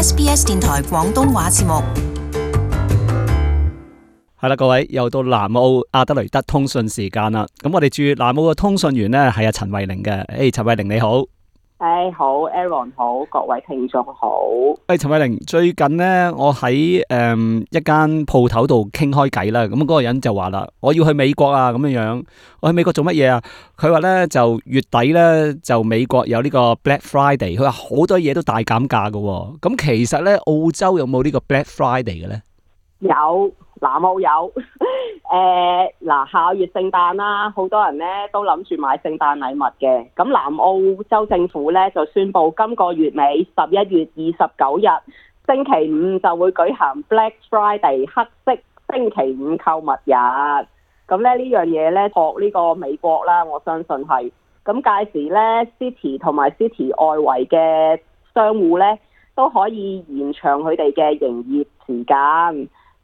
SBS 電台廣東話節目，係啦，各位又到南澳阿德雷德通訊時間啦。咁我哋駐南澳嘅通訊員呢係阿陳慧玲嘅，誒，陳慧玲你好。誒、哎，好 Aaron 好，各位聽眾好。誒、哎，陳偉玲，最近咧，我喺誒一間鋪頭度傾開偈啦。咁、那、嗰個人就話啦，我要去美國啊，咁樣樣，我去美國做乜嘢啊？佢話咧就月底咧就美國有呢個 Black Friday，佢話好多嘢都大減價噶。咁其實咧，澳洲有冇呢個 Black Friday 嘅咧？有。南澳有誒嗱，下，欸，個月聖誕啦，好多人咧都諗住買聖誕禮物嘅。咁南澳洲政府咧就宣布，今個月尾十一月二十九日星期五就會舉行 Black Friday 黑色星期五購物日。咁咧呢這樣嘢咧學呢個美國啦，我相信係。咁屆時咧 City 同埋 City 外圍嘅商戶咧都可以延長佢哋嘅營業時間。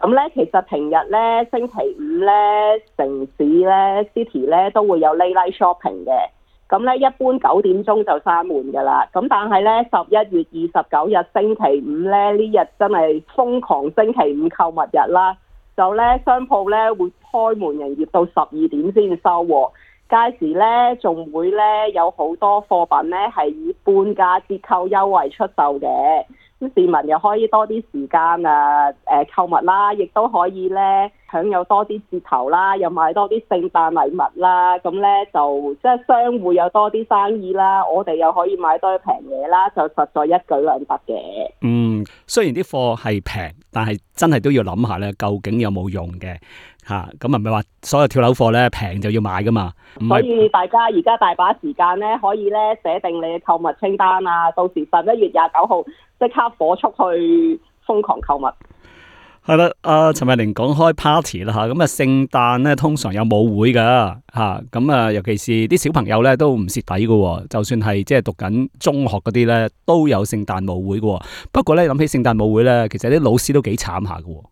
咁咧、嗯，其實平日咧，星期五咧，城市咧，city 咧，都會有 late night shopping 嘅。咁咧，一般九點鐘就閂門㗎啦。咁但係咧，十一月二十九日星期五咧，呢日真係瘋狂星期五購物日啦，就咧，商鋪咧會開門營業到十二點先收喎。屆時咧，仲會咧有好多貨品咧係以半價折扣優惠出售嘅。市民又可以多啲時間啊，誒購物啦，亦都可以咧享有多啲折頭啦，又買多啲聖誕禮物啦，咁咧就即係商戶有多啲生意啦，我哋又可以買多啲平嘢啦，就實在一舉兩得嘅。嗯，雖然啲貨係平，但係真係都要諗下咧，究竟有冇用嘅。吓，咁啊，唔係話所有跳樓貨咧平就要買噶嘛，所以大家而家大把時間咧，可以咧寫定你嘅購物清單啊，到時十一月廿九號即刻火速去瘋狂購物。係啦，阿陳慧玲講開 party 啦吓，咁啊聖誕咧通常有舞會噶吓，咁啊，啊尤其是啲小朋友咧都唔蝕底噶，就算係即係讀緊中學嗰啲咧都有聖誕舞會噶哦。不過咧諗起聖誕舞會咧，其實啲老師都幾慘下噶哦。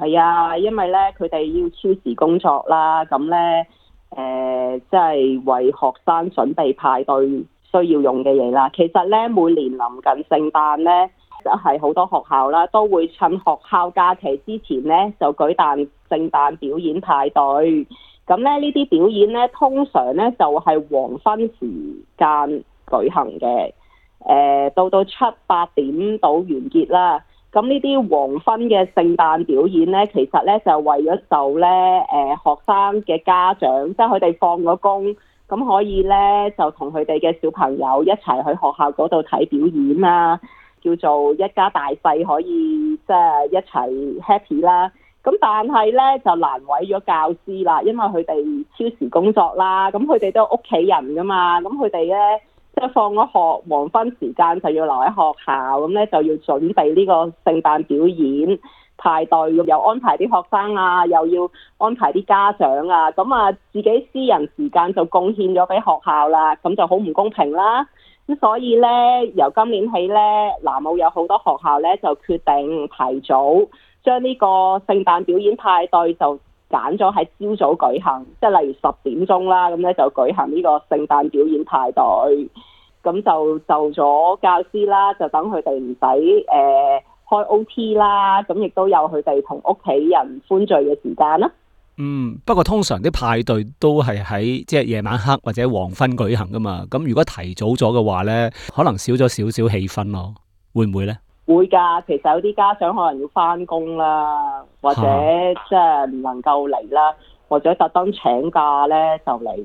係啊，因為咧，佢哋要超時工作啦，咁咧，誒，即係為學生準備派對需要用嘅嘢啦。其實咧，每年臨近聖誕咧，就係好多學校啦，都會趁學校假期之前咧，就舉辦聖誕表演派對。咁咧，呢啲表演咧，通常咧就係黃昏時間舉行嘅，誒，到到七八點到完結啦。咁呢啲黃昏嘅聖誕表演呢，其實呢就為咗受呢誒、呃、學生嘅家長，即係佢哋放咗工，咁可以呢就同佢哋嘅小朋友一齊去學校嗰度睇表演啦，啊，叫做一家大細可以即係一齊 happy 啦。咁但係呢就難為咗教師啦，因為佢哋超時工作啦，咁佢哋都屋企人噶嘛，咁佢哋呢。即係放咗學，黃昏時間就要留喺學校，咁咧就要準備呢個聖誕表演派對，又安排啲學生啊，又要安排啲家長啊，咁啊自己私人時間就貢獻咗俾學校啦，咁就好唔公平啦。咁所以咧，由今年起咧，南澳有好多學校咧就決定提早將呢個聖誕表演派對就。揀咗喺朝早舉行，即係例如十點鐘啦，咁咧就舉行呢個聖誕表演派對，咁就就咗教師啦，就等佢哋唔使誒開 OT 啦，咁亦都有佢哋同屋企人歡聚嘅時間啦。嗯，不過通常啲派對都係喺即係夜晚黑或者黃昏舉行噶嘛，咁如果提早咗嘅話咧，可能少咗少少氣氛咯，會唔會咧？會㗎，其實有啲家長可能要返工啦，或者即係唔能夠嚟啦，或者特登請假咧就嚟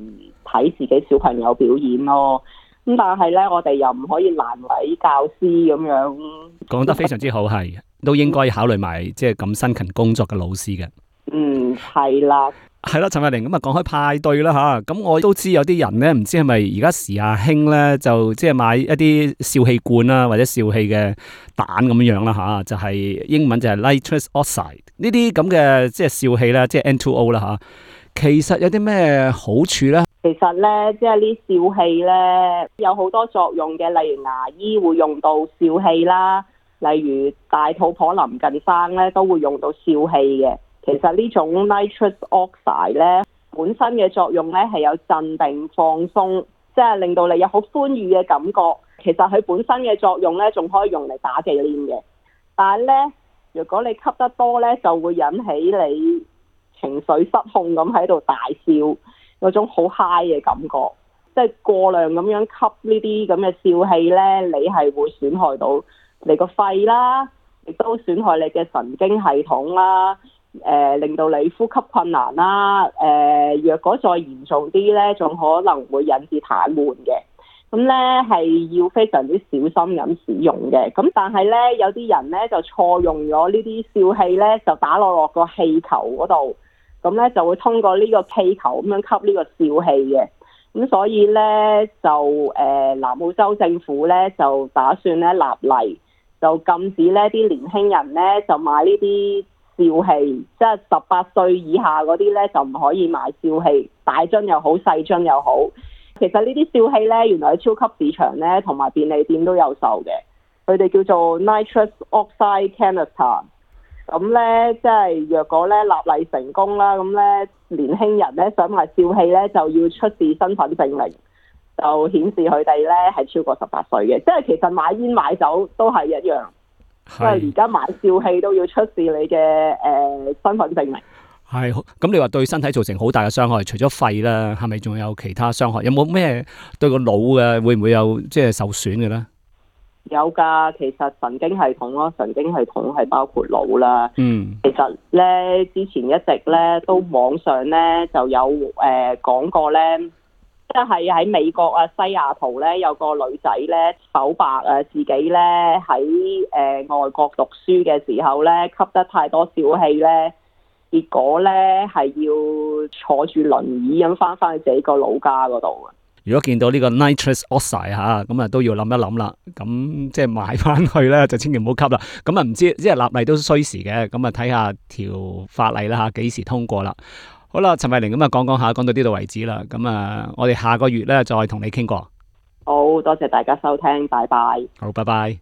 睇自己小朋友表演咯。咁但係咧，我哋又唔可以難為教師咁樣。講得非常之好，係都應該考慮埋即係咁辛勤工作嘅老師嘅。嗯，係啦。係啦，陳慧玲。咁啊，講開派對啦吓，咁我都知有啲人咧，唔知係咪而家時下興咧，就即係買一啲笑氣罐啦，或者笑氣嘅蛋咁樣啦吓，就係、是、英文就係 nitrous oxide 呢啲咁嘅即係笑氣啦，即、就、係、是、N2O 啦吓，其實有啲咩好處咧？其實咧，即係啲笑氣咧，有好多作用嘅，例如牙醫會用到笑氣啦，例如大肚婆臨近生咧都會用到笑氣嘅。其實這種呢種 nitrous oxide 咧，本身嘅作用咧係有鎮定、放鬆，即係令到你有好歡愉嘅感覺。其實佢本身嘅作用咧，仲可以用嚟打忌廉嘅。但係咧，如果你吸得多咧，就會引起你情緒失控咁喺度大笑，有種好嗨嘅感覺。即係過量咁樣吸呢啲咁嘅笑氣咧，你係會損害到你個肺啦，亦都損害你嘅神經系統啦。誒、呃、令到你呼吸困難啦、啊，誒、呃、若果再嚴重啲咧，仲可能會引致癱瘓嘅。咁咧係要非常之小心咁使用嘅。咁但係咧，有啲人咧就錯用咗呢啲笑氣咧，就打落落個氣球嗰度，咁咧就會通過呢個氣球咁樣吸呢個笑氣嘅。咁所以咧就誒、呃、南澳洲政府咧就打算咧立例，就禁止呢啲年輕人咧就買呢啲。笑氣即係十八歲以下嗰啲呢，就唔可以買笑氣，大樽又好細樽又好。其實呢啲笑氣呢，原來喺超級市場呢，同埋便利店都有售嘅。佢哋叫做 nitrous oxide canister。咁呢，即係若果呢，立例成功啦，咁呢，年輕人呢，想買笑氣呢，就要出示身份證明，就顯示佢哋呢係超過十八歲嘅。即係其實買煙買酒都係一樣。即係而家買笑氣都要出示你嘅誒身份證明，係，咁你話對身體造成好大嘅傷害，除咗肺啦，係咪仲有其他傷害？有冇咩對個腦嘅會唔會有即係受損嘅咧？有噶，其實神經系統咯，神經系統係包括腦啦。嗯，其實咧之前一直咧都網上咧就有誒講過咧。即係喺美國啊，西雅圖咧有個女仔咧，手白啊自己咧喺誒外國讀書嘅時候咧吸得太多笑氣咧，結果咧係要坐住輪椅咁翻返去自己個老家嗰度。如果見到呢個 nitrous oxide 嚇、啊，咁啊都要諗一諗啦，咁即係買翻去咧就千祈唔好吸啦。咁啊唔知即係立例都需時嘅，咁啊睇下條法例啦嚇，幾、啊、時通過啦？好啦，陳慧玲噉，講講下，講到呢度為止喇。噉，我哋下個月呢再同你傾過。好多謝大家收聽，拜拜。好，拜拜。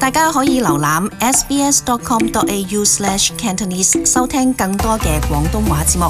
大家可以瀏覽 sbs.com.au/cantonese 收聽更多嘅廣東話節目。